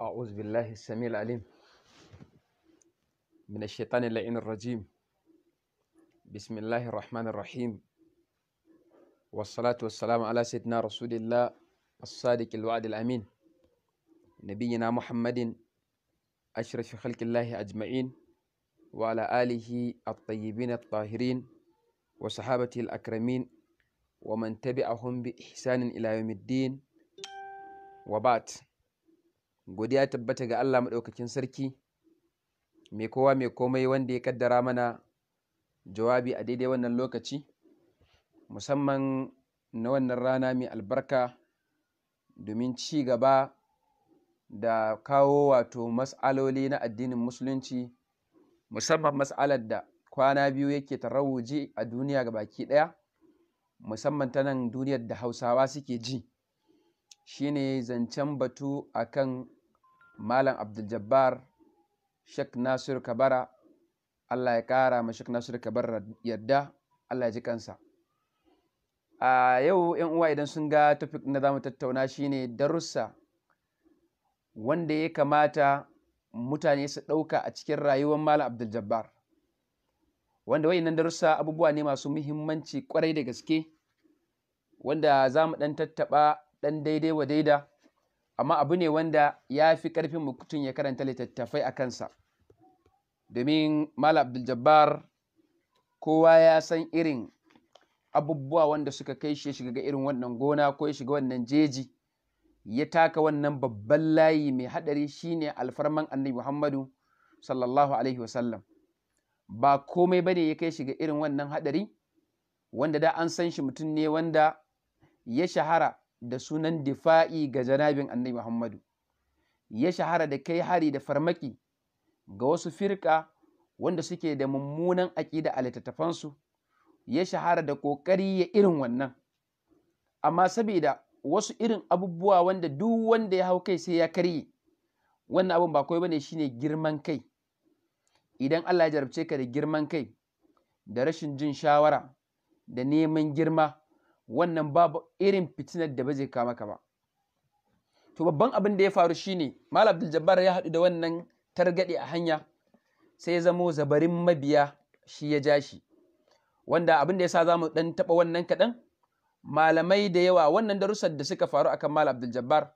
أعوذ بالله السميع العليم من الشيطان اللعين الرجيم بسم الله الرحمن الرحيم والصلاة والسلام على سيدنا رسول الله الصادق الوعد الأمين نبينا محمد أشرف خلق الله أجمعين وعلى آله الطيبين الطاهرين وصحابته الأكرمين ومن تبعهم بإحسان إلى يوم الدين وبعد godiya tabbata ga Allah maɗaukakin sarki mai kowa mai komai wanda ya kaddara mana jawabi a daidai wannan lokaci musamman na wannan rana mai albarka domin ci gaba da kawo wato mas'aloli na addinin musulunci musamman mas'alar da kwana biyu yake rawuje a duniya ga baki ɗaya musamman ta nan duniyar da hausawa suke ji shine zancen batu akan malam abdul-jabbar shek nasiru kabara allah ya kara ma shek nasiru kabara yadda allah ya ji kansa a yau yan uwa idan sun ga topic na zamu tattauna shine darussa wanda ya kamata mutane su ɗauka a cikin rayuwar malam abdul-jabbar wanda wayannan darussa abubuwa ne masu muhimmanci kwarai da gaske wanda za mu ɗan tattaɓa ɗan daidai wa daida amma abu ne wanda ya fi ƙarfin mutum ya karanta littattafai a kansa domin mala abdul-jabbar kowa ya san irin abubuwa wanda suka kai shi ya shiga irin wannan gona ko ya shiga wannan jeji ya taka wannan babban layi mai haɗari shine alfarman annabi muhammadu sallallahu alaihi wasallam ba komai bane ya kai shiga irin wannan haɗari wanda da an san shi mutum ne wanda ya shahara da sunan difa'i ga janabin annabi Muhammadu, ya shahara da kai hari da farmaki ga wasu firka wanda suke da mummunan aƙida a littattafansu, ya shahara da ƙoƙari ya irin wannan. Amma saboda wasu irin abubuwa wanda duk wanda ya hau kai sai ya karye, wannan abin ba kawai bane shine girman kai. Idan Allah ya jarabce ka da girman kai, da rashin jin shawara, da neman girma, wannan babu irin fitinar da ba zai kama ba to babban abin da ya faru shine malam abdul jabbar ya haɗu da wannan targaɗe a hanya sai ya zamo zabarin mabiya shi ya jashi. wanda abin da ya sa za mu ɗan taɓa wannan kaɗan malamai da yawa wannan darussan da suka faru akan malam abdul jabbar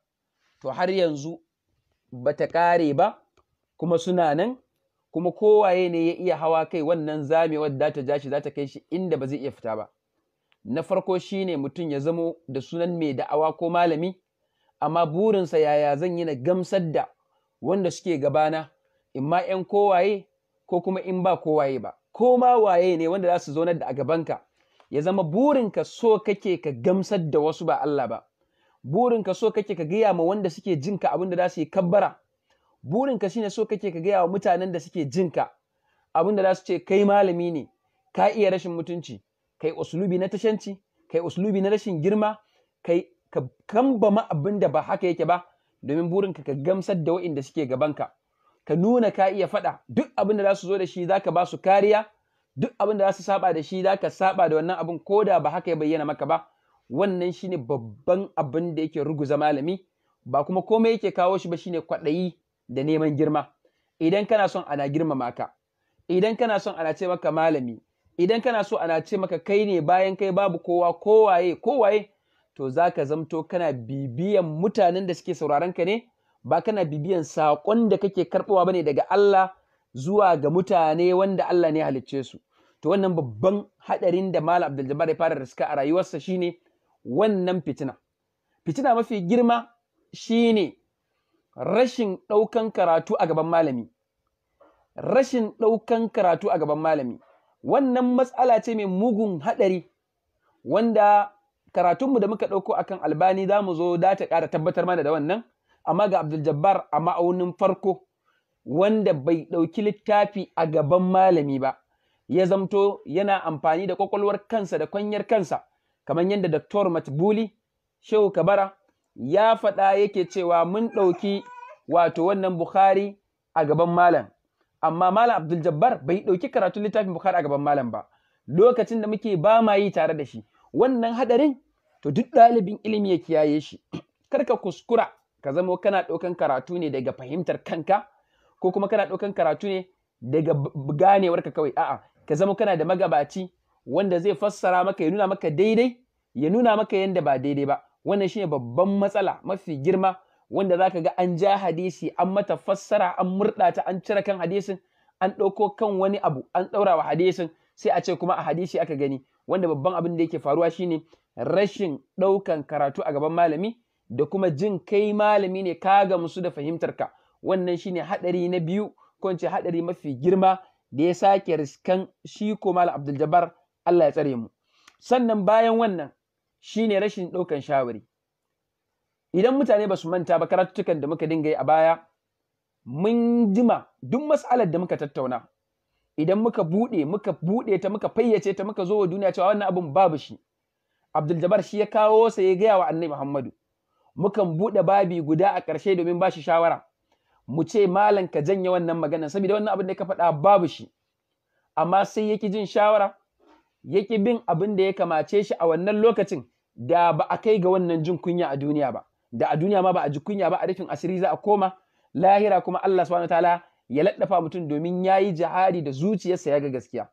to har yanzu ba ta ƙare ba kuma suna nan kuma kowaye ne ya iya hawa kai wannan zamewar da ta ja za ta kai shi inda ba zai iya fita ba na farko shi ne mutum ya zamo da sunan mai da'awa ko malami amma burinsa yaya zan yi na gamsar da wanda suke gabana in ma 'yan kowaye ko kuma in ba kowaye ba ko ma waye ne wanda za su zaunar da a gabanka ya zama burinka so kake ka gamsar da wasu ba Allah ba burinka so kake ka gaya ma wanda suke jinka abin da za su yi kabbara burinka shine so kake ka gaya wa mutanen da suke jinka abin da za su ce kai malami ne ka iya rashin mutunci kai uslubi na tashanci kai uslubi na rashin girma kai ka kambama abin da ba haka yake ba domin burinka ka gamsar da wa'inda suke gabanka ka nuna ka iya faɗa duk abin da za su zo da shi za ka ba su kariya duk abin da za su saba da shi za ka saba da wannan abin ko da ba haka ya bayyana maka ba wannan shi ne babban abin da yake ruguza malami ba kuma komai yake kawo shi ba shi ne kwaɗayi da neman girma idan kana son ana girmama ka idan kana son ana ce maka malami idan kana so ana ce maka kai ne bayan kai babu kowa kowaye kowaye to za ka zamto kana bibiyan mutanen da suke sauraron ka ne ba kana bibiyan saƙon da kake karɓowa bane daga Allah zuwa ga mutane wanda Allah ne halicce su to wannan babban haɗarin da Malam Abdul Jabbar ya fara riska a rayuwarsa shine wannan fitina fitina mafi girma shine rashin ɗaukan karatu a gaban malami rashin ɗaukan karatu a gaban malami wannan matsala ce mai mugun haɗari wanda karatunmu da muka ɗauko a kan albani za mu zo da ta ƙara tabbatar mana da wannan amma ga abdul a ma'aunin farko wanda bai ɗauki littafi a gaban malami ba ya zamto yana amfani da ƙwaƙwalwar kansa da kwanyar kansa kamar yadda Dr. Matbuli Shehu Kabara ya faɗa yake cewa mun ɗauki wato wannan Bukhari a gaban malam amma malam Abdul Jabbar bai ɗauki karatun littafin Bukhari a gaban malam ba lokacin da muke ba ma yi tare da shi wannan hadarin to duk ɗalibin ilimi ya kiyaye shi kar ka kuskura ka zama kana ɗaukan karatu ne daga fahimtar kanka ko kuma kana ɗaukan karatu ne daga ganewarka kawai a'a ka zama kana da magabaci wanda zai fassara maka ya nuna maka daidai ya nuna maka yadda ba daidai ba wannan shine babban matsala mafi girma wanda za ka ga an ja hadisi an mata fassara an murɗa an cire kan hadisin an ɗauko kan wani abu an ɗaura wa hadisin sai a ce kuma a hadisi aka gani wanda babban abin da yake faruwa shine rashin ɗaukan karatu a gaban malami da kuma jin kai malami ne ka gamsu da fahimtarka wannan shine haɗari na biyu ko ce haɗari mafi girma da ya sake riskan shi ko malam Abdul Jabbar Allah ya tsare mu sannan bayan wannan shine rashin ɗaukan shawari idan mutane ba su manta ba karatutukan da muka dinga yi a baya mun jima duk mas'alar da muka tattauna idan muka buɗe muka buɗe ta muka fayyace ta muka zo wa duniya cewa wannan abin babu shi Abdul Jabbar shi ya kawo sa ya gaya wa Annabi Muhammadu mukan buɗe babi guda a ƙarshe domin ba shi shawara mu ce malam ka janye wannan magana saboda wannan abin da ka faɗa babu shi amma sai yake jin shawara yake bin abin da ya kamace shi a wannan lokacin da ba a kai ga wannan jin kunya a duniya ba da a duniya ma ba a ji kunya ba a rufin asiri za a koma lahira kuma Allah subhanahu wataala ya laddafa mutum domin yayi jihadi da zuciyarsa ya ga gaskiya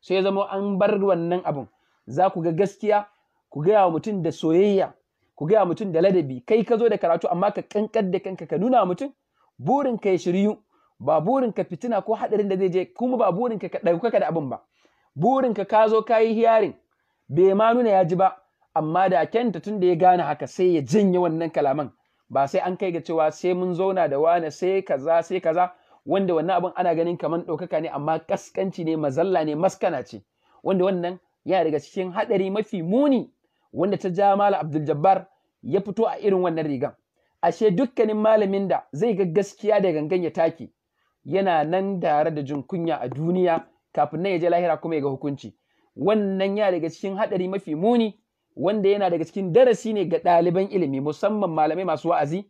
Sai ya zama an bar wannan abun za ku ga gaskiya ku gaya wa mutum da soyayya ku gaya wa mutum da ladabi kai ka zo da karatu amma ka kankar da kanka ka nuna mutum burin ka ya shiryu ba burin ka fitina ko hadarin da zai je kuma ba burin ka ka da abun ba burin ka ka zo ka yi hiyarin bai ma nuna ya ji ba amma da kenta tun da ya gane haka sai ya janye wannan kalaman ba sai an kai ga cewa sai mun zauna da wane sai kaza sai kaza wanda wannan abin ana ganin kamar ɗaukaka ne amma kaskanci ne mazalla ne maskana ce wanda wannan yana daga cikin haɗari mafi muni wanda ta ja mala abdul jabbar ya fito a irin wannan rigan ashe dukkanin malamin da zai ga gaskiya da gangan ya take yana nan tare da jin kunya a duniya kafin nan ya je lahira kuma ya ga hukunci wannan ya daga cikin haɗari mafi muni wanda yana daga cikin darasi ne ga ɗaliban ilimi musamman malamai masu wa'azi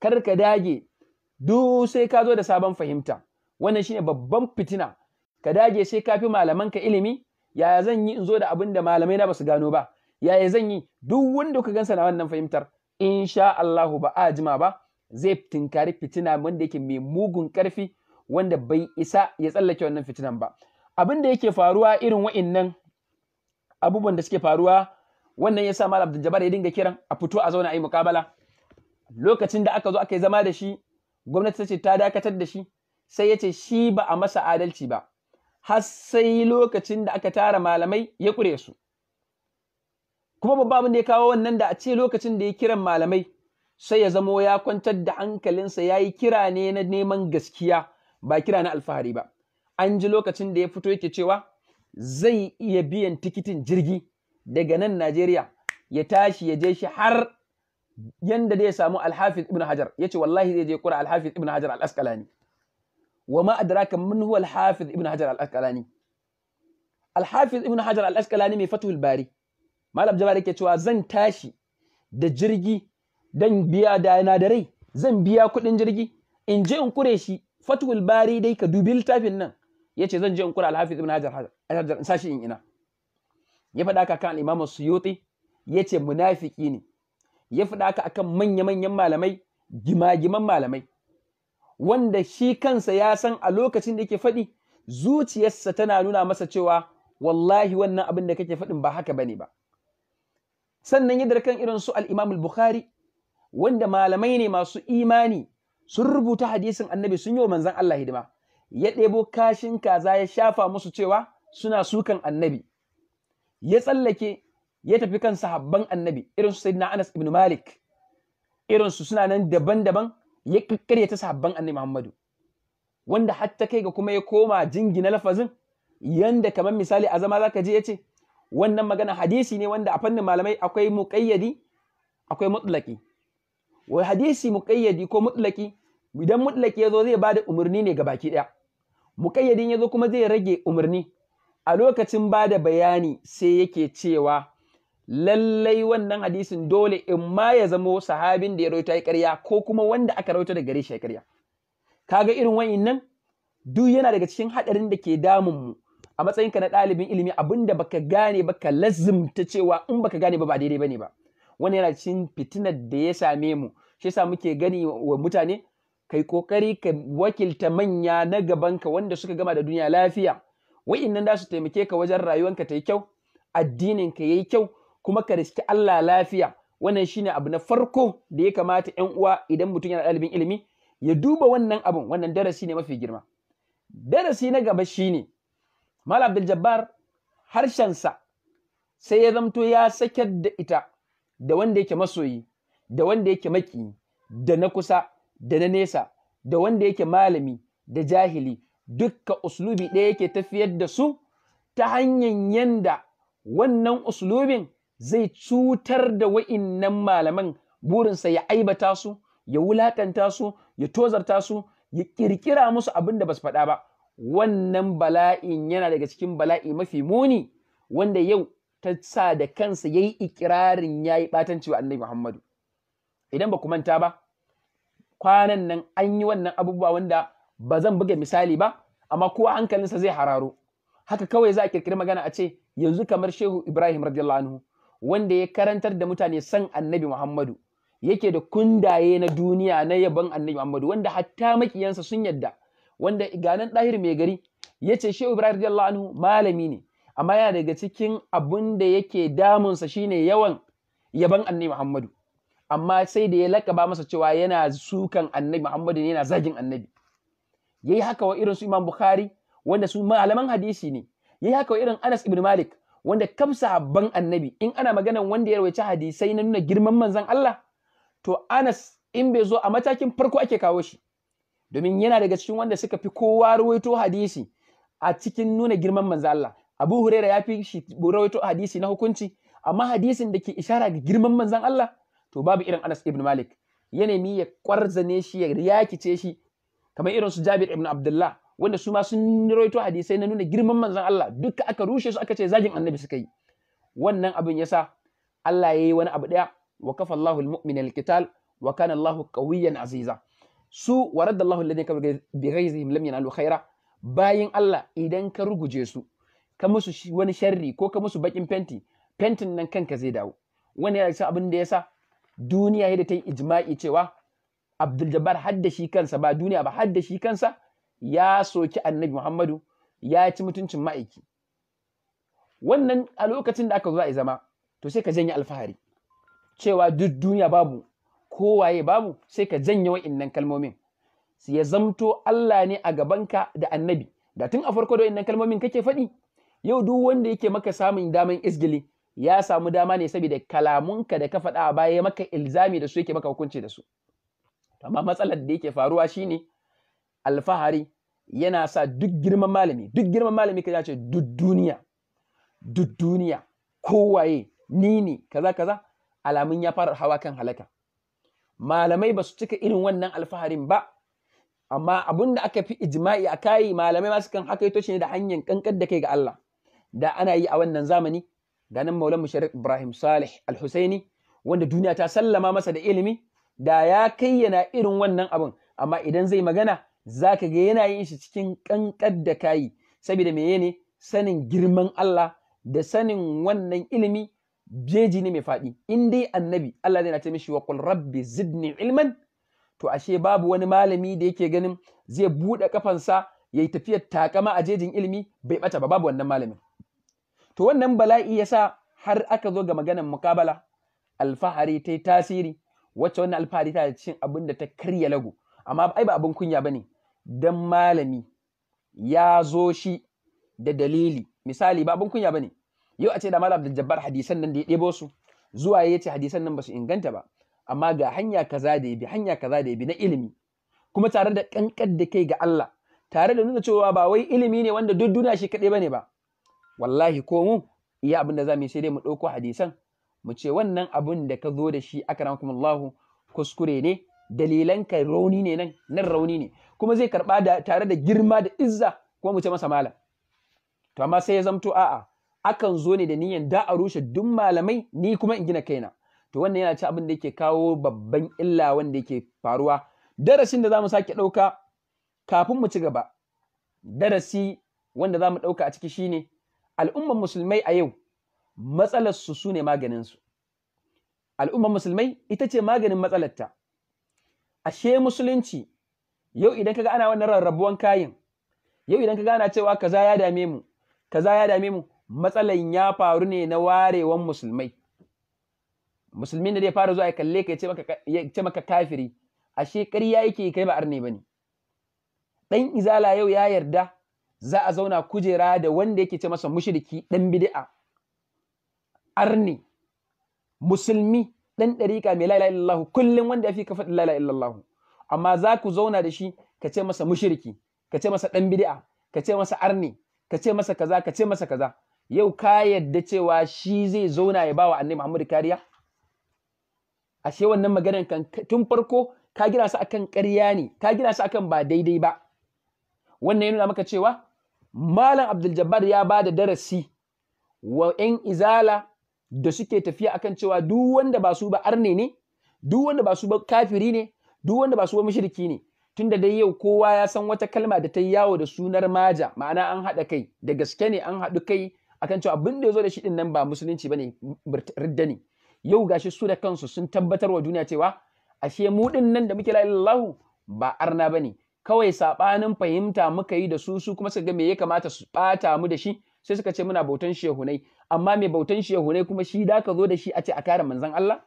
kar ka dage duk sai ka zo da sabon fahimta wannan shine babban fitina ka dage sai ka fi malamanka ilimi yaya zan yi in zo da abin da malamai na basu gano ba yaya zan yi duk wanda ka gansa na wannan fahimtar insha Allahu ba a jima ba zai tinkari fitina wanda yake mai mugun karfi wanda bai isa ya tsallake wannan fitinan ba abin da yake faruwa irin wa'innan abubuwan da suke faruwa wannan ya sa abdul jabbar ya dinga kiran a fito a zauna a yi mukabala lokacin da aka zo aka yi zama da shi gwamnati ta ce ta dakatar da shi sai ya ce shi ba a masa adalci ba har sai lokacin da aka tara malamai ya kure su kuma babba abin da ya kawo wannan da a ce lokacin da ya kiran malamai sai ya zamo ya kwantar da hankalinsa ya yi kira ne na neman gaskiya ba kira na alfahari ba an ji lokacin da ya fito yake cewa zai iya biyan tikitin jirgi daga nan Najeriya ya tashi ya je shi har yanda zai samu Al-Hafiz Ibn Hajar yace wallahi zai je kura Al-Hafiz Ibn Hajar Al-Asqalani wa ma adraka man huwa Al-Hafiz Ibn Hajar Al-Asqalani Al-Hafiz Ibn Hajar Al-Asqalani mai Fathul Bari Malam Jabari ke cewa zan tashi da jirgi dan biya da na da rai zan biya kuɗin jirgi in je in kure shi Fathul Bari dai ka dubi littafin nan yace zan je in kura Al-Hafiz Ibn Hajar Al-Asqalani in sashi in ina ya faɗa haka kan imamu suyuti ya ce munafiki ne ya faɗa haka akan manya-manyan malamai gima-giman malamai wanda shi kansa ya san a lokacin da yake faɗi zuciyarsa tana nuna masa cewa wallahi wannan abin da kake faɗin ba haka bane ba sannan yadda kan irin su al al-Bukhari wanda malamai ne masu imani sun rubuta hadisin annabi sun yi wa manzon Allah hidima ya ɗebo kashin kaza ya shafa musu cewa suna sukan annabi ya tsallake ya tafi kan sahabban annabi irin su sayyidina Anas ibn Malik irin su suna nan daban-daban ya kakkarya ta sahabban annabi Muhammadu wanda hatta kai ga kuma ya koma jingina lafazin yanda kamar misali azama zama zaka je ce? wannan magana hadisi ne wanda a fannin malamai akwai muqayyadi akwai mutlaki wai hadisi muqayyadi ko mutlaki idan mutlaki yazo zai bada umarni ne ga baki ɗaya, muƙayyadin ya zo kuma zai rage umarni a lokacin ba da bayani sai yake cewa lallai wannan hadisin dole in ma ya zamo sahabin da ya rauta ya karya ko kuma wanda aka rauta da gare shi ya karya kaga irin wa'innan duk yana daga cikin haɗarin da ke damun mu a ka na ɗalibin ilimi abinda baka gane ba ka lazimta cewa in baka gane ba ba daidai bane ba wani yana cikin fitinar da ya same mu shi yasa muke gani wa mutane kai kokari ka wakilta manya na gabanka wanda suka gama da duniya lafiya nan za su taimake ka wajen rayuwanka ta yi kyau addinin ka yi kyau kuma ka riski Allah lafiya wannan shine abu na farko da ya kamata 'yan uwa idan mutum yana ɗalibin ilimi ya duba wannan abun wannan darasi ne mafi girma darasi na gaba shine Malam Abdul Jabbar harshensa sai ya zamto ya sakar da ita da wanda yake masoyi da wanda yake maki da na kusa da na nesa da wanda yake malami da jahili dukka uslubi ɗaya yake tafiyar da su ta hanyar yanda wannan uslubin zai cutar da wa'innan malaman burinsa ya aibata su ya wulakanta su ya tozarta su ya ƙirƙira musu abin da ba su faɗa ba wannan bala'in yana daga cikin bala'i mafi muni wanda yau ta sa da kansa ya yi ikirarin ya yi ɓatanci wa annabi Muhammadu. Idan ba ku manta ba, kwanan nan an yi wannan abubuwa wanda ba zan buga misali ba amma kowa hankalinsa zai hararo haka kawai za a kirkiri magana a ce yanzu kamar shehu ibrahim radiyallahu anhu wanda ya karantar da mutane san annabi muhammadu yake da kundaye na duniya na yabon annabi muhammadu wanda hatta makiyansa sun yadda wanda ganan ɗahir mai gari ya ce shehu ibrahim radiyallahu anhu malami ne amma yana daga cikin abun da yake damunsa shine yawan yabon annabi muhammadu amma sai da ya lakaba masa cewa yana sukan annabi muhammadu ne yana zagin annabi Ya yi haka wa irin su Imam Bukhari wanda su malaman hadisi ne Ya yi haka wa irin Anas ibn Malik wanda kamsa habban annabi in ana maganan wanda ya rawaci hadisai na nuna girman manzan Allah to Anas in bai zo a matakin farko ake kawo shi domin yana daga cikin wanda suka fi kowa rawaito hadisi a cikin nuna girman manzan Allah Abu Huraira ya fi shi rawaito hadisi na hukunci amma hadisin da ke ishara ga girman manzan Allah to babu irin Anas ibn Malik yanayi nemi ya kwarzane shi ya riyakice shi kamar irin su Jabir ibn Abdullah wanda su ma sun rawaito hadisai na nuna girman manzon Allah duka aka rushe su aka ce zagin annabi suka yi wannan abin yasa Allah yayi wani abu daya wa kafa Allahu al-mu'mina al-qital wa kana Allahu qawiyyan aziza su wa radda Allahu alladhi kafaru bi ghayzihim lam yanalu khaira bayin Allah idan ka ruguje su ka musu wani sharri ko ka musu bakin fenti fentin nan kanka zai dawo wannan yana abin da yasa duniya yadda ta yi ijma'i cewa Abdul Jabbar hadda shi kansa ba duniya ba hadda shi kansa ya soki Annabi Muhammadu ya ci mutuncin ma'aiki wannan a lokacin da aka zo a zama to sai ka janye alfahari cewa duk duniya babu kowaye babu sai ka janye innan kalmomin su ya zamto Allah ne a gabanka da annabi da tun a farko da innan kalmomin kake faɗi yau duk wanda yake maka samun daman isgili ya samu dama ne saboda kalamunka da ka faɗa a baya maka ilzami da su yake maka hukunci da su amma matsalar da yake faruwa shine alfahari yana sa duk girman malami duk girman malami ka ce duk duniya duk duniya kowaye ni ne kaza kaza alamun ya fara hawa kan halaka malamai ba su cika irin wannan alfaharin ba amma abun da aka fi ijma'i a kayi malamai masu kan haka ito ne da hanyar kankan da kai ga Allah da ana yi a wannan zamani ganin maulan musharraf ibrahim salih AlHusaini, wanda duniya ta sallama masa da ilimi da ya kai yana irin wannan abin amma idan zai magana za ka ga yana yin shi cikin ƙanƙar da kayi saboda me ne sanin girman Allah da sanin wannan ilimi jeji ne mai faɗi in dai annabi Allah zai na ce mishi wa qul rabbi zidni ilman to ashe babu wani malami da yake ganin zai buɗe kafansa ya yi tafiyar takama a jejin ilimi bai ɓata ba babu wannan malamin to wannan bala'i yasa har aka zo ga maganar mukabala alfahari ta tasiri wacce wannan alfahari ta cin abin da ta karya lagu amma ai ba abin kunya bane dan malami ya zo shi da dalili misali ba abin kunya bane yau a ce da malam Jabbar hadisan nan da ya ɗebo su zuwa ya ce hadisan nan ba su inganta ba amma ga hanya kaza da ya bi hanya kaza da ya bi na ilimi kuma tare da kankan da kai ga Allah tare da nuna cewa ba wai ilimi ne wanda duk duniya shi kaɗai bane ba wallahi ko mu iya abin da za mu yi sai dai mu ɗauko hadisan mu ce wannan abun da ka zo da shi aka Allah kuskure ne dalilanka rauni ne nan nan rauni ne kuma zai karba da tare da girma da izza kuma mu ce masa malam to amma sai ya zamto a'a akan zo ne da niyan da a rushe duk malamai ni kuma in gina kaina to wannan yana ci abin da yake kawo babban illa wanda yake faruwa darasin da zamu sake ɗauka kafin mu ci gaba darasi wanda zamu ɗauka a ciki shine al'umman musulmai a yau matsalarsu su ne maganinsu al'ummar musulmai ita ce maganin matsalarta ashe musulunci yau idan kaga ana wannan rarrabuwan kayan yau idan kaga ana cewa kaza ya dame mu kaza ya dame mu matsalan ya faru ne na warewan musulmai musulmin da zai fara zuwa ya kalle ka ya ce maka kafiri ashe ƙarya yake kai ba arne bane dan izala yau ya yarda za a zauna kujera da wanda yake ce masa mushriki ɗan bid'a arni musulmi ɗan ɗariƙa mai la ilaha kullum wanda ya fi ka faɗi la ilaha amma za ku zauna da shi ka ce masa mushriki ka ce masa dan bid'a ka ce masa arni ka ce masa kaza ka ce masa kaza yau ka yadda cewa shi zai zauna ya ba wa annabi Muhammad kariya ashe wannan maganar kan tun farko ka gina su akan ƙarya ne ka gina su akan ba daidai ba wannan ya nuna maka cewa malam Abdul Jabbar ya ba da darasi wa 'yan izala da suke tafiya akan cewa duk wanda ba su ba arne ne duk wanda ba su ba kafiri ne duk wanda ba su ba mushriki ne tunda dai yau kowa ya san wata kalma da ta yi yawo da sunar maja ma'ana an haɗa kai da gaske ne an haɗu kai akan cewa abin da ya zo da shi ɗin nan ba musulunci ba ne ridda ne yau gashi su da kansu sun tabbatar wa duniya cewa ashe mu ɗin nan da muke la ba arna ba ne kawai saɓanin fahimta muka yi da su su kuma suka ga me ya kamata su ɓata mu da shi sai suka ce muna bautan shehunai amma mai bautan shehunai kuma shi da ka zo da shi a ce a kare manzan Allah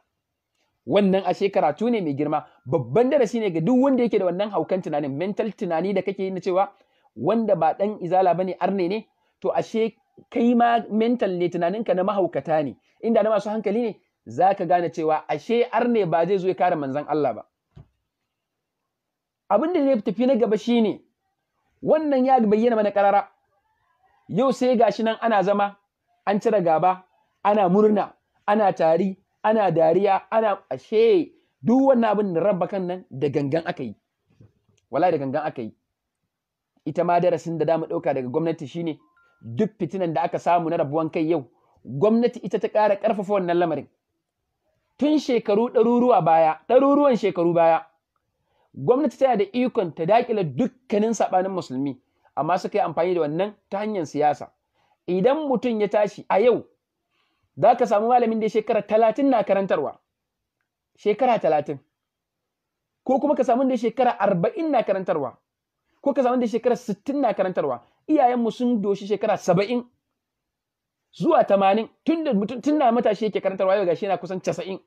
wannan ashe karatu ne mai girma babban darasi ne ga duk wanda yake da wannan haukan tunanin mental tunani da kake yi na cewa wanda ba dan izala ba ne arne ne to ashe kai ma mental ne tunaninka na mahaukata ne inda na masu hankali ne za ka gane cewa ashe arne ba zai zo ya kare manzan Allah ba abin da zai tafi na gaba shi ne, wannan ya bayyana mana karara yau sai gashi nan ana zama an cire gaba ana murna ana tari ana dariya ana ashe duk wannan abin da rabba kan nan da gangan aka yi wallahi da gangan aka yi ita ma darasin da damu ɗauka daga gwamnati shine duk fitinan da aka samu na rabuwan kai yau gwamnati ita ta ƙara ƙarfafa wannan lamarin tun shekaru ɗaruruwa baya ɗaruruwan shekaru baya gwamnati tana da ikon ta daƙile dukkanin saɓanin musulmi amma suka yi amfani da wannan ta hanyar siyasa idan mutum ya tashi a yau za ka samu malamin da shekara talatin na karantarwa shekara talatin ko kuma ka samu da shekara arba'in na karantarwa ko ka samu da shekara sittin na karantarwa iyayenmu sun doshi shekara saba'in zuwa tamanin tun da mutum tun na matashi yake karantarwa yau gashi yana kusan casa'in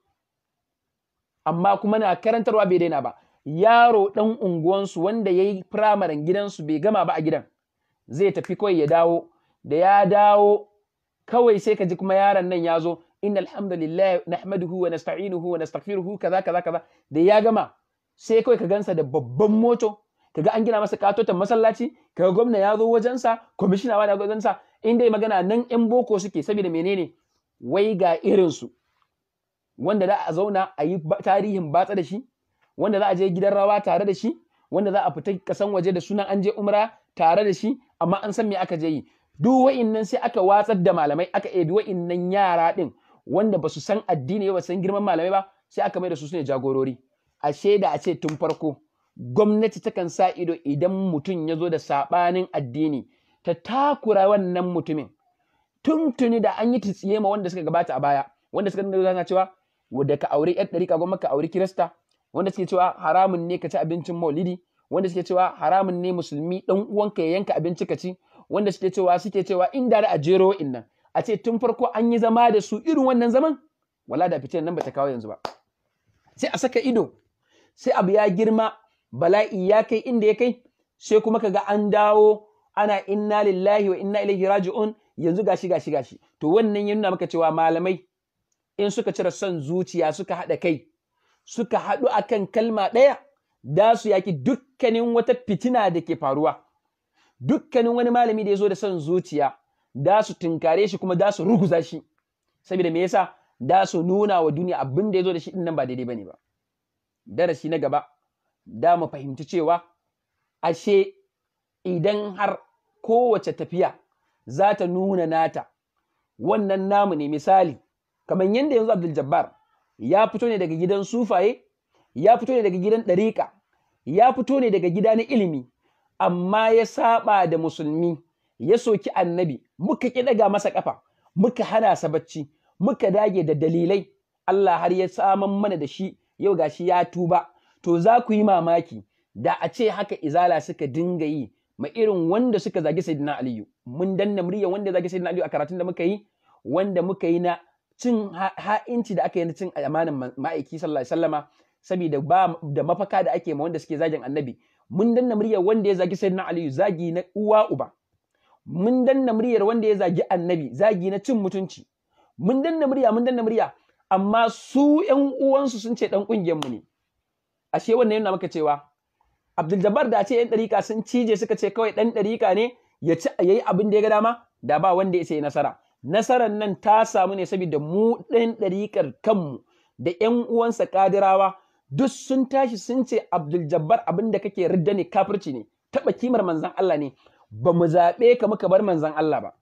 amma kuma na karantarwa bai daina ba yaro ɗan unguwansu wanda ya yi firamaren gidansu bai gama ba a gidan zai tafi kawai ya dawo da ya dawo kawai sai ka ji kuma yaron nan ya zo inna alhamdulillah nahmaduhu wa nasta'inuhu wa nastaghfiruhu kaza kaza kaza da ya gama sai kawai ka gansa da babban moto kaga an gina masa katotan masallaci kaga gwamna ya zo wajensa kwamishina ma ya zo wajensa in dai magana nan yan boko suke saboda menene wai ga irinsu wanda da a zauna a yi tarihin batsa da shi wanda za a je gidan rawa tare da shi wanda za a fita kasan waje da sunan an je umra tare da shi amma an san me aka je yi duk wa'innan sai aka watsar da malamai aka ebi wa'innan yara din wanda ba su san addini ba san girman malamai ba sai aka mai da su ne jagorori ashe da a ce tun farko gwamnati takan sa ido idan mutum ya zo da saɓanin addini ta takura wannan mutumin tuntuni da an yi tsiye ma wanda suka gabata a baya wanda suka nuna cewa wanda ka aure yar ɗarika gwamnati ka aure kirista wanda suke cewa haramun ne ka ci abincin maulidi wanda suke cewa haramun ne musulmi dan uwanka ya yanka abinci ka ci wanda suke cewa suke cewa in da a jero nan. a ce tun farko an yi zama da su irin wannan zaman wala da fitar nan bata kawo yanzu ba sai a saka ido sai abu ya girma bala'i ya kai inda ya kai sai kuma ka ga an dawo ana inna lillahi wa inna ilaihi raji'un yanzu gashi gashi gashi to wannan ya nuna maka cewa malamai in suka cire son zuciya suka haɗa kai suka haɗu akan kalma ɗaya da su yaki dukkanin wata fitina da ke faruwa dukkanin wani malami da ya zo da son zuciya da su tunkare shi kuma da su ruguza shi saboda me yasa da su nuna wa duniya abin da ya zo da shi din nan ba daidai bane ba darasi na gaba da mu fahimci cewa ashe idan har kowace tafiya za ta nuna nata wannan namu ne misali kamar yadda yanzu Abdul Jabbar ya fito ne daga gidan sufaye ya fito ne daga gidan ɗariƙa ya fito ne daga gida na ilimi amma ya saba da musulmi ya soki annabi muka ki daga masa ƙafa, muka hana sa bacci muka dage da dalilai Allah har ya saman mana da shi yau ga shi ya tuba to za ku yi mamaki da a ce haka izala suka dinga yi ma irin wanda suka zagi sayyidina aliyu mun danna murya wanda zagi sayyidina aliyu a karatun da muka yi wanda muka yi na cin ha'inci da aka yi na cin amanin ma'aiki sallallahu alaihi wasallama saboda ba da mafaka da ake ma wanda suke zagin annabi mun danna muryar wanda ya zagi sayyidina aliyu zagi na uwa uba mun danna muryar wanda ya zagi annabi zagi na cin mutunci mun danna murya mun danna murya amma su ƴan uwansu sun ce dan kungiyar mu ne ashe wannan yana maka cewa Abdul Jabbar da ce ƴan ɗarika sun cije suka ce kawai ɗan ɗarika ne ya ci yayi abin da ya ga dama da ba wanda ya sai nasara nasarar nan ta samu ne saboda mu ɗan ɗariƙar kanmu da ‘yan uwansa ƙadirawa duk sun tashi sun ce Abdul Jabbar abin da kake ridda ne kafirci ne taɓa kimar manzan Allah ne ba mu zaɓe ka muka bar manzan Allah ba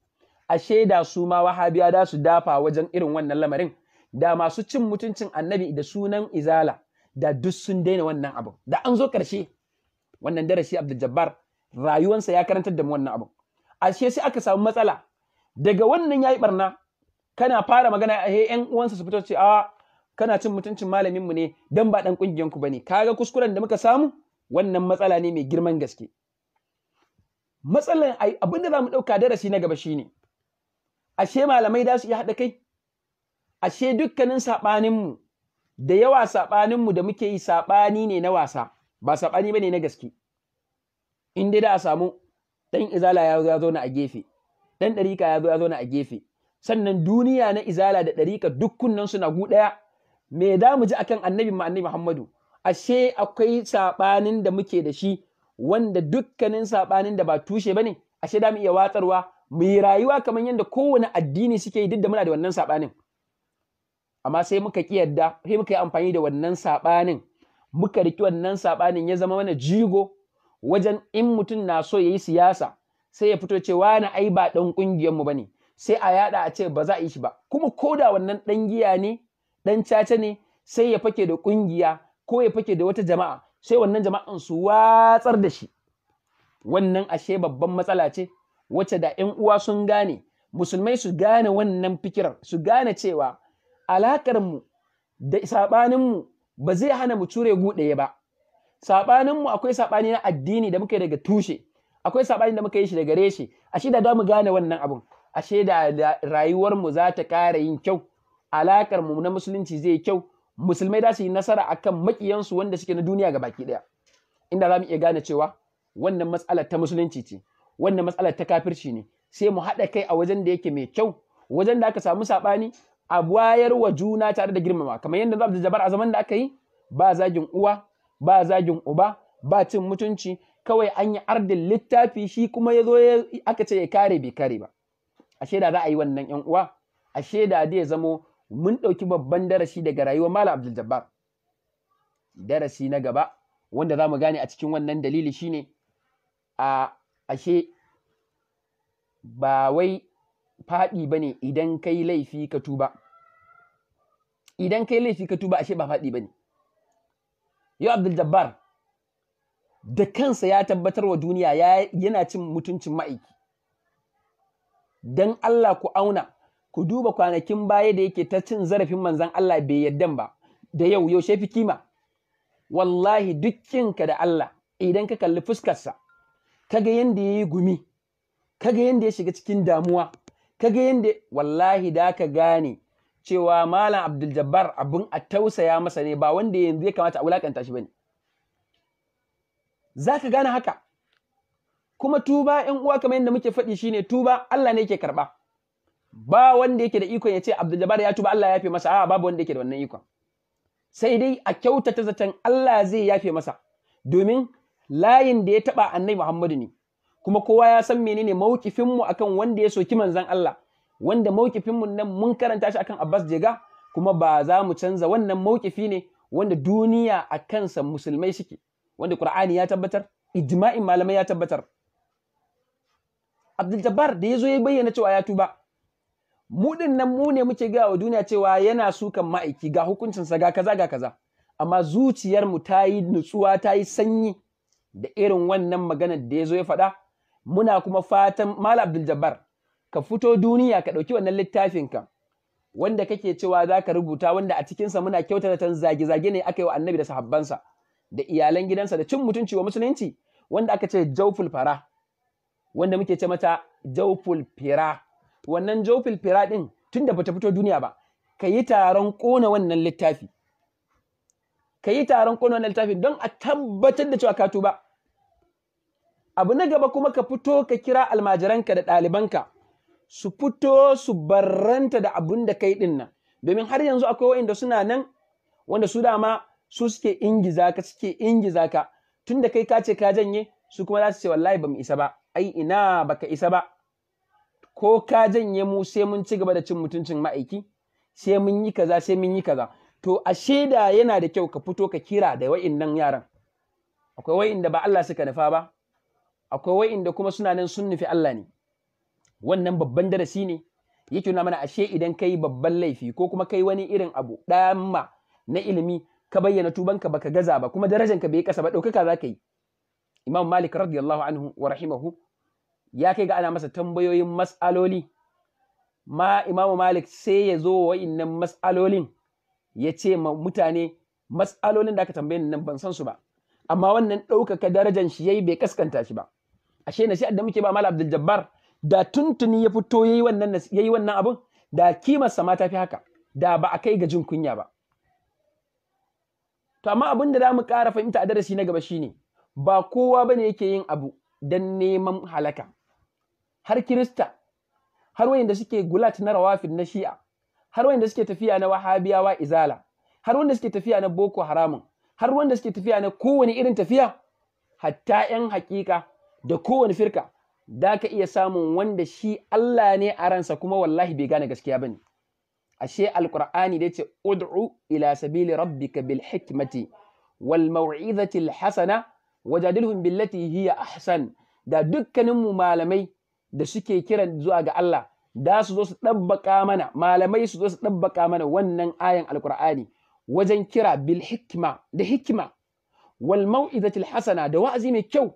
ashe da su ma wahabiya da su dafa wajen irin wannan lamarin da masu cin mutuncin annabi da sunan izala da duk sun daina wannan abu da an zo karshe wannan darasi Abdul Jabbar rayuwansa ya karantar da mu wannan abu ashe sai aka samu matsala daga wannan ya yi barna kana fara magana a yan uwansa su fito ce a kana cin mutuncin malaminmu ne don ba ɗan kungiyan ku Ka kaga kuskuren da muka samu wannan matsala ne mai girman gaske matsalan abin da zamu ɗauka darasi na gaba shine ashe malamai da su iya haɗa kai ashe dukkanin sabanin da yawa saɓaninmu da muke yi saɓani ne na wasa ba saɓani ba ne na gaske in dai da a samu ɗan izala ya zo na a gefe ɗan ɗariƙa ya zo ya zauna a gefe sannan duniya na izala da ɗariƙa dukkunan suna gu ɗaya me da mu ji akan annabi ma annabi Muhammadu ashe akwai saɓanin da muke da shi wanda dukkanin saɓanin da ba tushe ba ne ashe da mu iya watsarwa mu yi rayuwa kamar yadda kowane addini suke yi duk da muna da wannan saɓanin amma sai muka ƙi yadda sai muka yi amfani da wannan saɓanin muka riki wannan saɓanin ya zama mana jigo wajen in mutum na so ya yi siyasa sai ya fito ce wani ai ba ɗan ƙungiyarmu mu bane sai a yada a ce ba za a yi shi ba kuma ko da wannan dan giya ne dan caca ne sai ya fake da ƙungiya, ko ya fake da wata jama'a sai wannan jama'an su watsar da shi wannan ashe babban matsala ce wacce da ƴan uwa sun gane musulmai su gane wannan fikirar su gane cewa alakar mu da sabanin mu ba zai hana mu cure guɗe ba sabanin mu akwai saɓani na addini da muke daga tushe akwai saɓanin da muka yi shi da gare shi ashe da mu gane wannan abun ashe da rayuwar mu za ta ƙara yin kyau alakar mu na musulunci zai kyau musulmai za su yi nasara akan makiyansu wanda suke na duniya ga baki ɗaya. inda za mu iya gane cewa wannan matsalar ta musulunci ce wannan matsalar ta kafirci ne sai mu haɗa kai a wajen da yake mai kyau wajen da aka samu saɓani a wayar wa juna tare da girmama kamar yadda za jabar a zaman da aka yi ba zagin uwa ba zagin uba ba cin mutunci kawai an yi ardin littafi shi kuma ya zo aka ce ya kare bai kare ba ashe da za a yi wannan yan uwa ashe da zai zamo mun ɗauki babban darasi daga rayuwar malam abdul jabbar darasi na gaba wanda za mu gane a cikin wannan dalili shine a ashe ba wai faɗi ba ne idan kai laifi ka tuba idan kai laifi ka tuba ashe ba faɗi ba ne yau abdul jabbar da kansa ya tabbatar wa duniya yana cin mutuncin ma'aiki don Allah ku auna ku duba kwanakin baya da yake ta cin zarafin manzan Allah bai yarda ba da yau yaushe fi kima wallahi dukkinka da Allah idan ka kalli fuskarsa kaga ya yi gumi kaga yadda ya shiga cikin damuwa kaga yadda... wallahi da ka gane cewa malam Abdul Jabbar abin a tausaya masa ne ba wanda yanzu ya kamata a wulakanta shi ne. za ka gane haka kuma tuba in uwa kamar yadda muke faɗi ne tuba Allah ne yake karɓa ba wanda yake da ikon ya ce Abdul ya tuba Allah ya yafe masa a'a babu wanda yake da wannan ikon sai dai a kyautata zaton Allah zai yafe masa domin layin da ya taɓa annai Muhammadu ne kuma kowa ya san menene maukifinmu akan wanda ya soki manzan Allah wanda maukifinmu nan mun karanta shi akan Abbas Jega kuma ba za mu canza wannan maukifi ne wanda duniya a kansa musulmai suke wanda Qur'ani ya tabbatar ijma'in malamai ya tabbatar Abdul Jabbar da yazo ya bayyana cewa ya tuba mu din nan mu ne muke ga wa duniya cewa yana sukan ma'aiki ga hukuncin sa ga kaza ga kaza amma zuciyar mu ta yi nutsuwa ta yi sanyi da irin wannan maganar da yazo ya faɗa muna kuma fatan Malam Abdul Jabbar ka fito duniya ka ɗauki wannan littafin ka wanda kake cewa za ka rubuta wanda a cikinsa muna kyautata zage-zage ne aka yi wa annabi da sahabbansa da iyalan gidansa da cin mutunci wa musulunci wanda aka ce jauful fara wanda muke ce mata jauful fira wannan jauful fira din tun da bata fito duniya ba ka yi taron kona wannan littafi ka yi taron kona wannan littafi don a tabbatar da cewa ka tuba abu na gaba kuma ka fito ka kira almajiranka da ɗalibanka su fito su barranta da abun da kai din domin har yanzu akwai wa'inda suna nan wanda su dama su suke ingiza ka suke ingiza ka tunda kai ka ce ka janye su kuma za su ce wallahi ba mu isa ba ai ina baka isa ba ko ka janye mu sai mun ci gaba da cin mutuncin ma'aiki sai mun yi kaza sai mun yi kaza to a shaida yana da kyau ka fito ka kira da wa'innan yaran akwai wa'inda ba Allah suka nufa ba akwai wa'inda kuma suna nan sun nufi Allah ne wannan babban darasi ne yake nuna mana ashe idan kai babban laifi ko kuma kai wani irin abu ma na ilimi ka bayyana tubanka baka gaza ba kuma darajanka bai kasa ba ɗaukaka za ka yi imam malik radiyallahu anhu wa rahimahu ya kai ga ana masa tambayoyin mas'aloli ma imam malik sai ya zo wa innan mas'alolin ya ce ma mutane mas'alolin da aka tambaye nan ban san su ba amma wannan ɗaukaka darajan shi yayi bai kaskanta shi ba ashe na shi da muke ba Malik abdul jabbar da tuntuni ya fito yayi wannan yayi wannan abun da kimar sa ma ta fi haka da ba a kai ga jin kunya ba To amma abin da za mu ƙara fahimta a darasi na gaba ne, ba kowa bane yake yin abu don neman halaka. Har Kirista, har wanda suke gulat na rawafin na Shi'a, har wanda suke tafiya na Wahabiyawa Izala, har wanda suke tafiya na Boko Haramun, har wanda suke tafiya na kowane irin tafiya, hatta ‘yan haƙiƙa da kowane firka, da ka iya samun wanda shi Allah ne a ransa kuma wallahi bai gane gaskiya ba ne. ashe alkur'ani da ce ud'u ila sabili rabbika bil hikmati wal maw'izati al hasana wajadilhum billati hiya ahsan da dukkanin mu malamai da suke kiran zuwa ga Allah da su zo su dabbaka mana malamai su zo su dabbaka mana wannan ayan alkur'ani wajen kira bil hikma da hikma wal al hasana da wa'azi mai kyau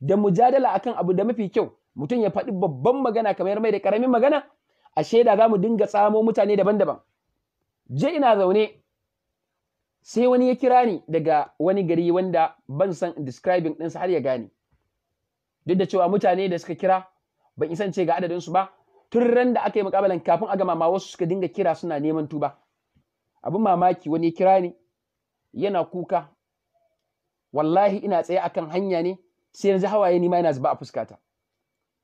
da mujadala akan abu da mafi kyau mutum ya faɗi babban magana kamar mai da ƙaramin magana A shaida za mu dinga tsamo mutane daban-daban je ina zaune sai wani ya kira ni daga wani gari wanda ban san describing ɗinsa har ya gane duk da cewa mutane da suka kira ban isan ce ga adadin su ba tun ran da aka yi mukabalan kafin a gama ma wasu suka dinga kira suna neman tuba abin mamaki wani ya kira ni yana kuka wallahi ina tsaye akan hanya ne sai yanzu hawaye ni ma yana zuba a fuskata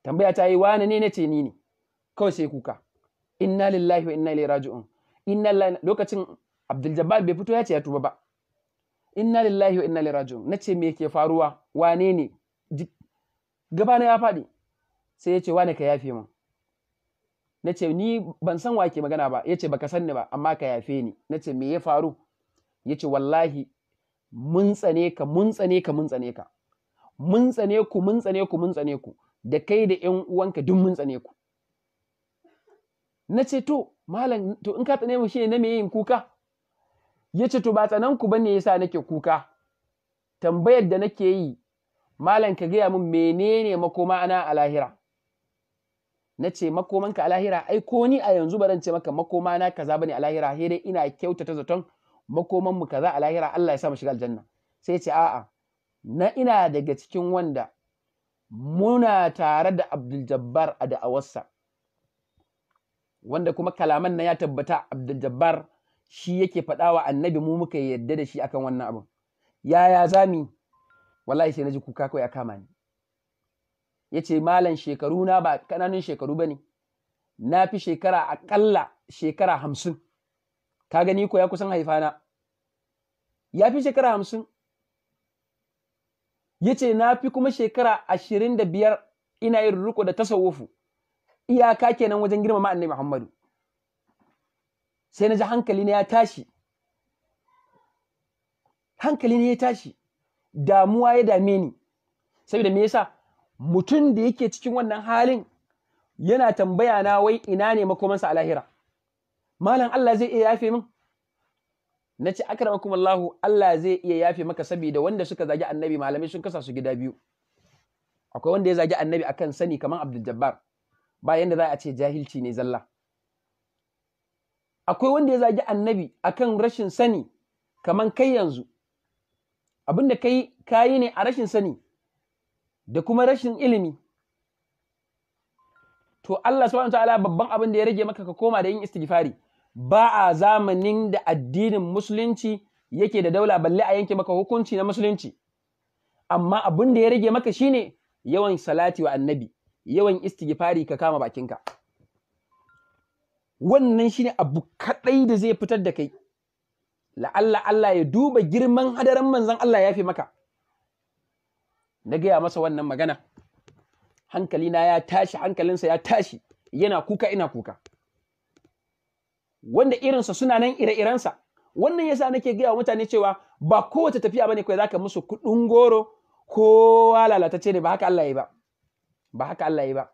tambaya ta yi wane ne na ce ni ne kawai sai kuka inna lillahi wa inna ilaihi raji'un inna lillahi lokacin Abdul Jabbar bai fito ya ce ya tuba ba inna lillahi wa inna ilaihi raji'un nace me yake faruwa wane ne gabana ya faɗi sai ya ce wane ka yafe min nace ni ban san wa ke magana ba yace baka san ni ba amma ka yafe ni nace me ya faru yace wallahi mun tsane ka mun tsane ka mun tsane ka mun tsane ku mun tsane ku mun tsane ku da kai da ƴan uwanka duk mun tsane ku na ce to malam to in ka tsane mu shi na me yin kuka ya ce to ba tsanan ku bane yasa nake kuka tambayar da nake yi malam ka gaya min menene makoma ana a lahira na ce ka a lahira ai ko ni a yanzu baran ce maka makoma na kaza bane a lahira he dai ina kyautata zaton makoman mu kaza a lahira Allah ya sa mu shiga aljanna sai ce a'a na ina daga cikin wanda muna tare da Abdul Jabbar a da'awarsa wanda kuma kalaman na ya tabbata Abdul Jabbar shi yake faɗawa annabi mu muka yadda da shi akan wannan abin yaya zami wallahi sai ji kuka kawai a kama ni yace malam shekaru na ba kananun shekaru ba ne. na fi shekara aƙalla shekara hamsin ka gani ko ya kusan na. ya fi shekara hamsin yace na fi kuma shekara ashirin da biyar ina yin riko da tasawufu iyaka kenan wajen girmama annabi Muhammadu sai na ji hankali na ya tashi hankali ne ya tashi damuwa ya dame ni saboda me yasa mutum da yake cikin wannan halin yana tambaya na wai ina ne makomansa a lahira malam Allah zai iya yafe min na ce akramakum Allah Allah zai iya yafe maka saboda wanda suka zagi annabi malamai sun kasa su gida biyu akwai wanda ya zagi annabi akan sani kaman Abdul Jabbar ba yanda za a ce jahilci ne zalla akwai wanda ya zagi annabi akan rashin sani kamar kai yanzu abinda kai kayi ne a rashin sani da kuma rashin ilimi to Allah subhanahu ta'ala babban abin da ya rage maka ka koma da yin istighfari ba a zamanin da addinin musulunci yake da daula balle a yanke maka hukunci na musulunci amma abin da ya rage maka shine yawan salati wa annabi yawan istighfari ka kama bakinka wannan shine abu kadai da zai fitar da kai la'alla Allah ya duba girman hadaran manzan Allah ya fi maka na gaya masa wannan magana hankalina ya tashi hankalinsa ya tashi yana kuka ina kuka wanda irinsa suna nan ire-irensa wannan yasa nake gaya mutane cewa ba kowace tafiya bane kai zaka musu kuɗin goro ko lalatacce ne ba haka Allah ya yi ba ba haka Allah ya ba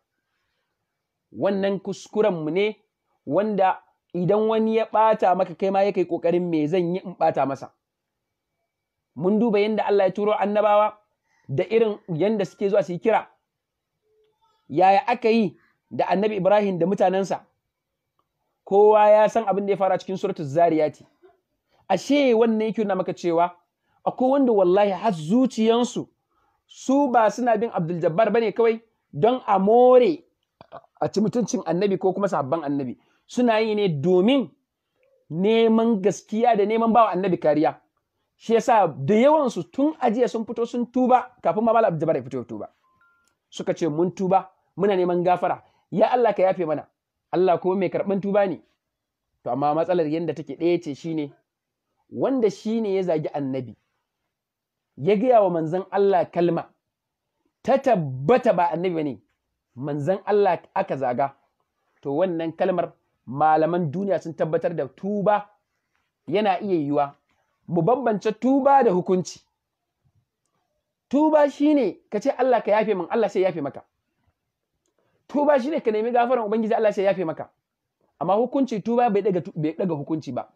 wannan kuskuren mu ne wanda idan wani ya ɓata maka kai ma yake ƙoƙarin me zan yi in ɓata masa mun duba yadda Allah ya turo annabawa da irin yadda suke zuwa su yi kira yaya aka yi da annabi Ibrahim da mutanensa kowa ya san abin da ya fara cikin suratul zariyati ashe wannan yake nuna maka cewa akwai wanda wallahi har zuciyansu su ba suna bin Abdul Jabbar bane kawai don a more a ci mutuncin annabi ko kuma sabban annabi suna yi ne domin neman gaskiya da neman bawa annabi kariya shi yasa da yawan su tun ajiya sun fito sun tuba kafin ma bala abu ya fito tuba suka ce mun tuba muna neman gafara ya Allah ka yafe mana Allah ko mai karban tuba ne to amma matsalar yadda take ɗaya ce shine wanda shine ya zagi annabi ya gaya wa manzon Allah kalma ta tabbata ba annabi ne manzan Allah aka zaga to wannan kalmar malaman duniya sun tabbatar da tuba yana iya yiwa mu bambance tuba da hukunci tuba shine ka ce Allah ka yafe min Allah sai yafe maka tuba shine ka nemi gafaran ubangiji Allah sai yafe maka amma hukunci tuba bai daga bai daga hukunci ba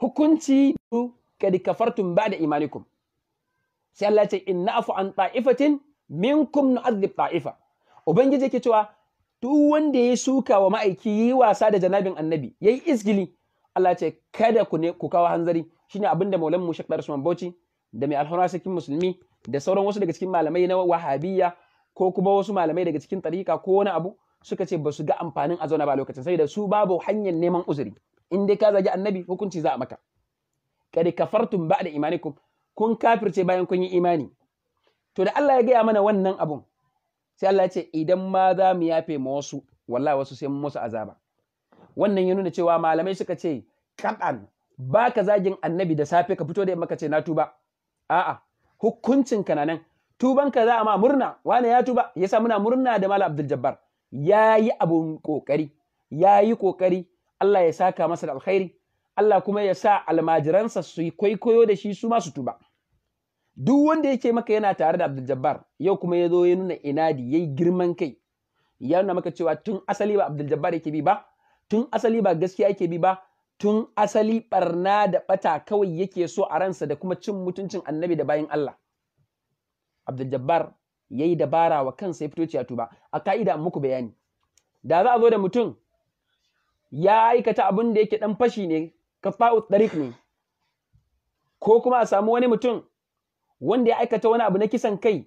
hukunci kad kafartum ba'da imanikum sai Allah ya ce inna afu an ta'ifatin minkum nu'adhib ta'ifa ubangiji yake cewa duk wanda ya suka wa ma'aiki yi wasa da janabin annabi yayi izgili Allah ce kada ku ne ku kawo hanzari shine abinda da mu Mushak Usman Bauchi da mai alhura cikin musulmi da sauran wasu daga cikin malamai na wahabiyya ko kuma wasu malamai daga cikin tarika ko wani abu suka ce ba su ga amfanin a zauna ba lokacin sai da su babu hanyar neman uzuri in dai ka zagi annabi hukunci za a maka kada kafartum ba'da imanikum kun kafirce bayan kun yi imani to da Allah ya gaya mana wannan abun sai Allah ya ce idan ma za mu yafe ma wasu wallahi wasu sai mu musu azaba wannan ya nuna cewa malamai suka ce kaɗan ba ka zagin annabi da safe ka fito da yamma ka ce na tuba a'a hukuncin ka nan tuban ka za a ma murna wani ya tuba yasa muna murna da malam Abdul Jabbar yayi abun kokari yayi kokari Allah ya saka masa da alkhairi Allah kuma ya sa almajiransa su yi kwaikwayo da shi su ma su tuba duk wanda yake maka yana tare da Abdul yau kuma ya zo ya nuna inadi ya yi girman kai ya nuna maka cewa tun asali ba Abdul Jabbar yake bi ba tun asali ba gaskiya yake bi ba tun asali barna da bata kawai yake so a ransa da kuma cin mutuncin annabi da bayan Allah Abdul Jabbar yi dabara wa kansa ya fito ciya tuba a ka'ida muku bayani da za a zo da mutum ya aikata abin da yake dan fashi ne kafa'u tariq ne ko kuma a samu wani mutum wanda ya aikata wani abu na kisan kai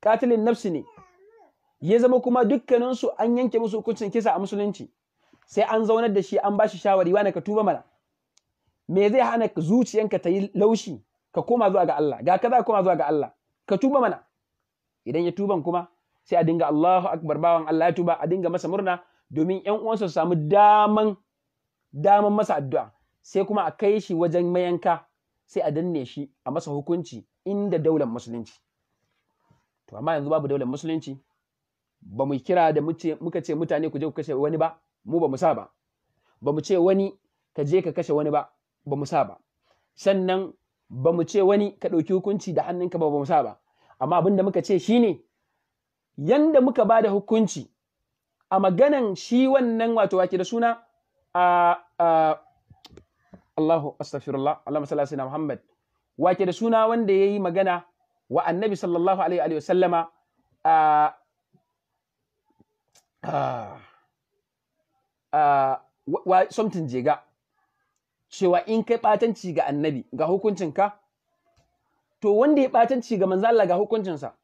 katilin nafsi ne ya zama kuma dukkaninsu an yanke musu hukuncin kisa a musulunci sai an zaunar da shi an bashi shawari wani ka tuba mana me zai hana zuciyanka ta yi laushi ka koma zuwa ga Allah ga kaza koma zuwa ga Allah ka tuba mana idan ya tuban kuma sai a dinga Allahu akbar bawan Allah ya tuba a dinga masa murna domin ƴan uwansa su samu daman daman masa addu'a sai kuma a kai shi wajen mayanka sai a danne shi a masa hukunci inda daular musulunci to amma yanzu babu daular musulunci ba mu kira da muka ce mutane ku je ku kashe wani ba mu ba mu sa ba ba mu ce wani ka je ka kashe wani ba ba mu ba sannan ba mu ce wani ka ɗauki hukunci da hannunka ba ba mu ba amma abin da muka ce shi ne, yanda muka ba da hukunci a maganan shi wannan wato wake da suna a Allahu astaghfirullah Allah masallasi na Muhammad wake da suna wanda ya yi magana wa annabi sallallahu alaihi wasallama wa somtin jega cewa in kai batanci ga annabi ga hukuncinka to wanda ya batanci ga Manzala ga hukuncinsa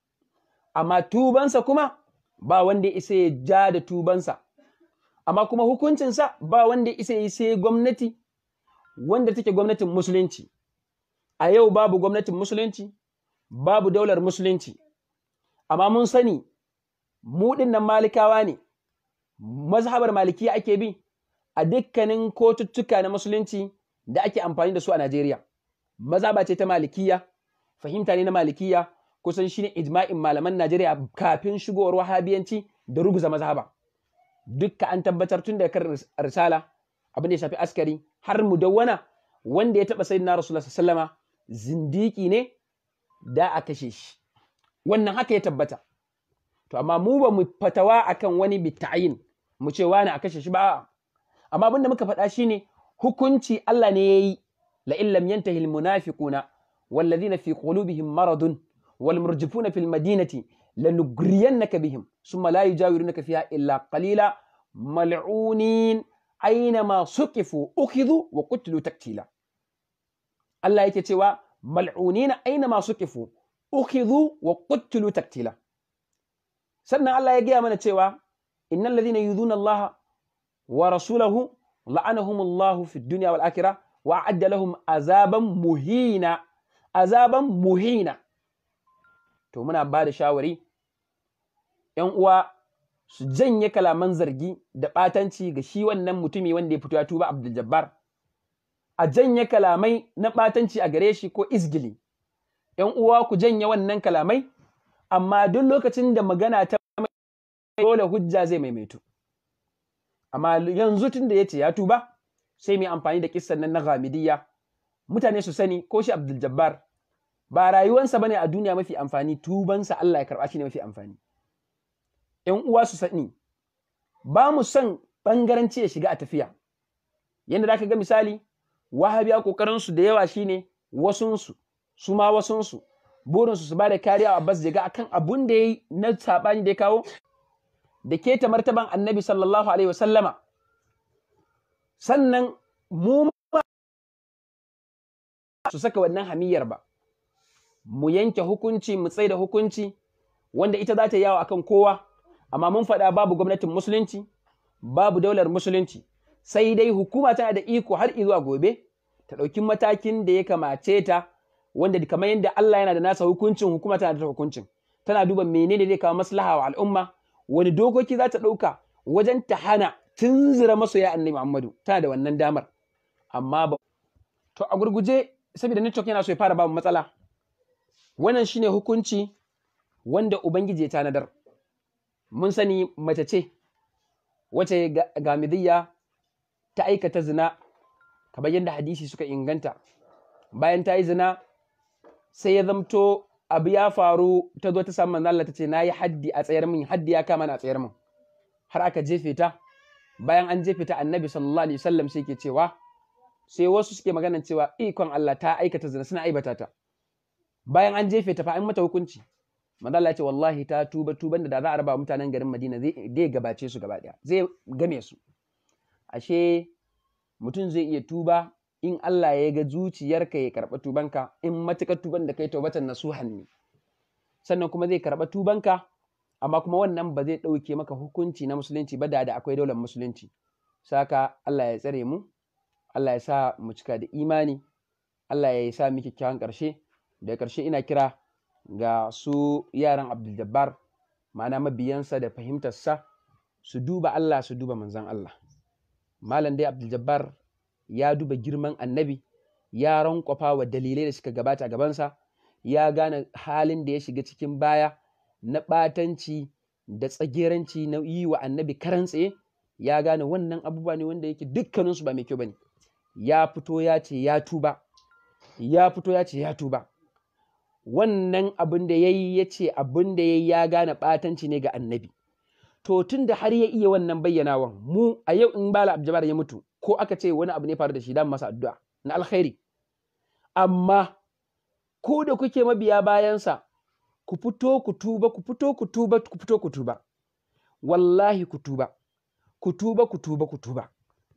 amma tubansa kuma ba wanda isa ya ja da tubansa amma kuma hukuncinsa ba wanda ya isa ya sai gwamnati wanda take gwamnatin musulunci a yau babu gwamnatin musulunci babu daular musulunci amma mun sani muɗin nan malikawa ne mazhabar maliki ake bi a dukkanin kotuttuka na musulunci da ake amfani da su a Najeriya mazhaba ce ta malikiya fahimta ne na malikiya kusan shine ijma'in malaman Najeriya kafin shigowar wahabiyanci da ruguza mazhaba dukka an tabbatar tun da kan risala abin da ya shafi askari har mu dauwana wanda ya taba sayyidina rasulullahi sallama zindiki ne da a kashe shi wannan haka ya tabbata to amma mu ba mu fatawa akan wani bitayin mu ce wani a kashe shi ba amma abinda muka faɗa shine hukunci Allah ne yayi la in lam yantahi al munafiquna wal ladina fi qulubihim maradun wal murjifuna fil madinati lanugriyannaka bihim summa la yujawirunaka fiha illa qalila mal'unin aina ma suqifu ukhidhu wa qutilu taktila Allah yake cewa mal'unina aina masu kifu ukhidhu wa qutlu taktila sannan Allah ya gaya mana cewa innal ladhina Yuduna Allah wa rasulahu la'ana fi dunya wal akhirah wa a'adda lahum azaban muhina azaban muhina to muna ba da shawari ‘yan uwa su janye kalaman zargi da ɓatanci ga shi wannan mutumi wanda ya fito ya tuba Abdul Jabbar a janye kalamai na ɓatanci a gare shi ko izgili. ‘Yan uwa ku janye wannan kalamai, amma duk lokacin da magana ta dole hujja zai maimaitu. Amma yanzu tun da ya ce ya tuba, sai mai amfani da kissan nan na ghamidiyya. Mutane su sani ko shi Abdul Jabbar ba rayuwansa ba ne a duniya mafi amfani tubansa Allah ya karɓa shi ne mafi amfani. ‘Yan uwa su sani, ba mu son ɓangaranci ya shiga a tafiya. yanda za ka ga misali, wahabiya kokarin su da yawa shine wasunsu su ma wasunsu burinsu su ba da kariya a bas daga akan abun da ya yi na saɓani da ya kawo da keta martaban annabi sallallahu alaihi wasallama sannan mu su saka wannan hamiyar ba mu yanke hukunci mu tsaida hukunci wanda ita za ta yawo akan kowa amma mun faɗa babu gwamnatin musulunci babu daular musulunci sai dai hukuma tana da iko har zuwa gobe ta ɗauki matakin da ya kamace ta wanda kamar yadda Allah yana da nasa hukuncin hukuma tana da hukuncin tana duba menene zai kawo maslaha wa al'umma wani dokoki za ta ɗauka wajen ta hana tunzura masoya annabi Muhammadu tana da wannan damar amma ba to a gurguje saboda network yana so ya fara babu matsala wannan shine hukunci wanda ubangiji ya tanadar mun sani mace ce wace ga midiyya ta aikata zina kamar yadda hadisi suka inganta bayan ta yi zina sai ya zamto abu ya faru ta zo ta samu manzo Allah ta ce na yi haddi a tsayar min haddi ya kama na tsayar min har aka jefe ta bayan an jefe ta annabi sallallahu alaihi wasallam sai ke cewa sai wasu suke magana cewa ikon Allah ta aikata zina suna aibata ta bayan an jefe ta fa an mata hukunci manzo ya ce wallahi ta tuba tuban da za a raba mutanen garin Madina zai gabace su gaba daya zai game su ashe mutum zai iya tuba in Allah ya ga zuciyarka ya karɓa tubanka in matuƙar tuban da kai taubatan nasuhan ne sannan kuma zai karɓa tubanka amma kuma wannan ba zai ɗauke maka hukunci na musulunci ba da da akwai daular musulunci saka Allah ya tsare mu Allah ya sa mu cika da imani Allah ya sa mu kyakkyawan ƙarshe da ƙarshe ina kira ga su yaran Abdul Jabbar ma'ana mabiyansa da fahimtarsa su duba Allah su duba manzon Allah malam dai abdul ya duba girman annabi ya rankwafa wa dalilai da suka gabata gabansa ya gane halin da ya shiga cikin baya na ɓatanci da tsageranci na yi wa annabi karan tsaye ya gane wannan abubuwa ne wanda yake dukkaninsu ba mai kyau bane ya fito ya ce ya tuba ya fito ya ce ya tuba wannan abin da ya yi ya ce abin da ya yi ya gane ɓatanci ne ga annabi to tun da har ya iya wannan bayyanawa, mu a yau in bala abjabar ya mutu ko aka ce wani abu ne faru da shi dan masa addu'a na alkhairi amma ko da kuke mabiya bayansa ku fito ku tuba ku fito ku tuba ku fito ku tuba wallahi ku tuba ku tuba ku tuba ku tuba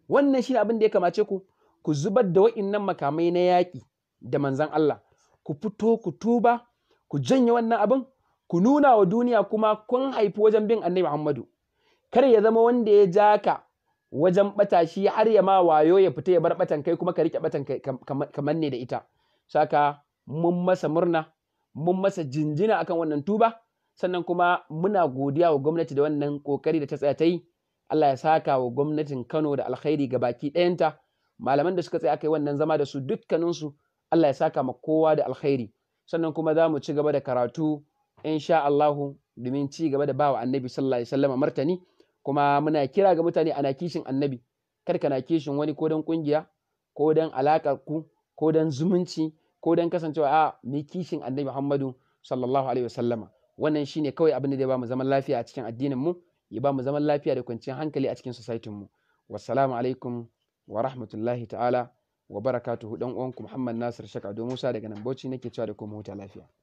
wannan shi abin da ya kamace ku ku zubar da wa'innan makamai na yaƙi da manzan Allah ku fito ku tuba ku janye wannan abin ku nuna wa duniya kuma kun haifi wajen bin annabi Muhammadu kar ya zama wanda ya ja ka wajen bata shi har ya ma wayo ya fita ya bar batan kai kuma ka rike batan kai kamar ne da ita saka mun masa murna mun masa jinjina akan wannan tuba sannan kuma muna godiya wa gwamnati da wannan kokari da ta tsaya ta yi Allah ya saka wa gwamnatin Kano da alkhairi ga baki ɗayanta malaman da suka tsaya kai wannan zama da su dukkaninsu Allah ya saka ma kowa da alkhairi sannan kuma za mu ci gaba da karatu sha Allahu domin ci gaba da bawa annabi sallallahu alaihi wasallam martani kuma muna kira ga mutane ana kishin annabi kar kana kishin wani ko dan kungiya ko dan alakar ku ko dan zumunci ko dan kasancewa a mai kishin annabi Muhammadu sallallahu alaihi wasallam wannan shine kawai abin da zai ba mu zaman lafiya a cikin addinin mu ya ba mu zaman lafiya da kwanciyar hankali a cikin society mu wassalamu alaikum wa rahmatullahi ta'ala wa barakatuhu dan uwanku Muhammad Nasir Shaka, Shakado Musa daga nan Bauchi nake cewa da kuma huta lafiya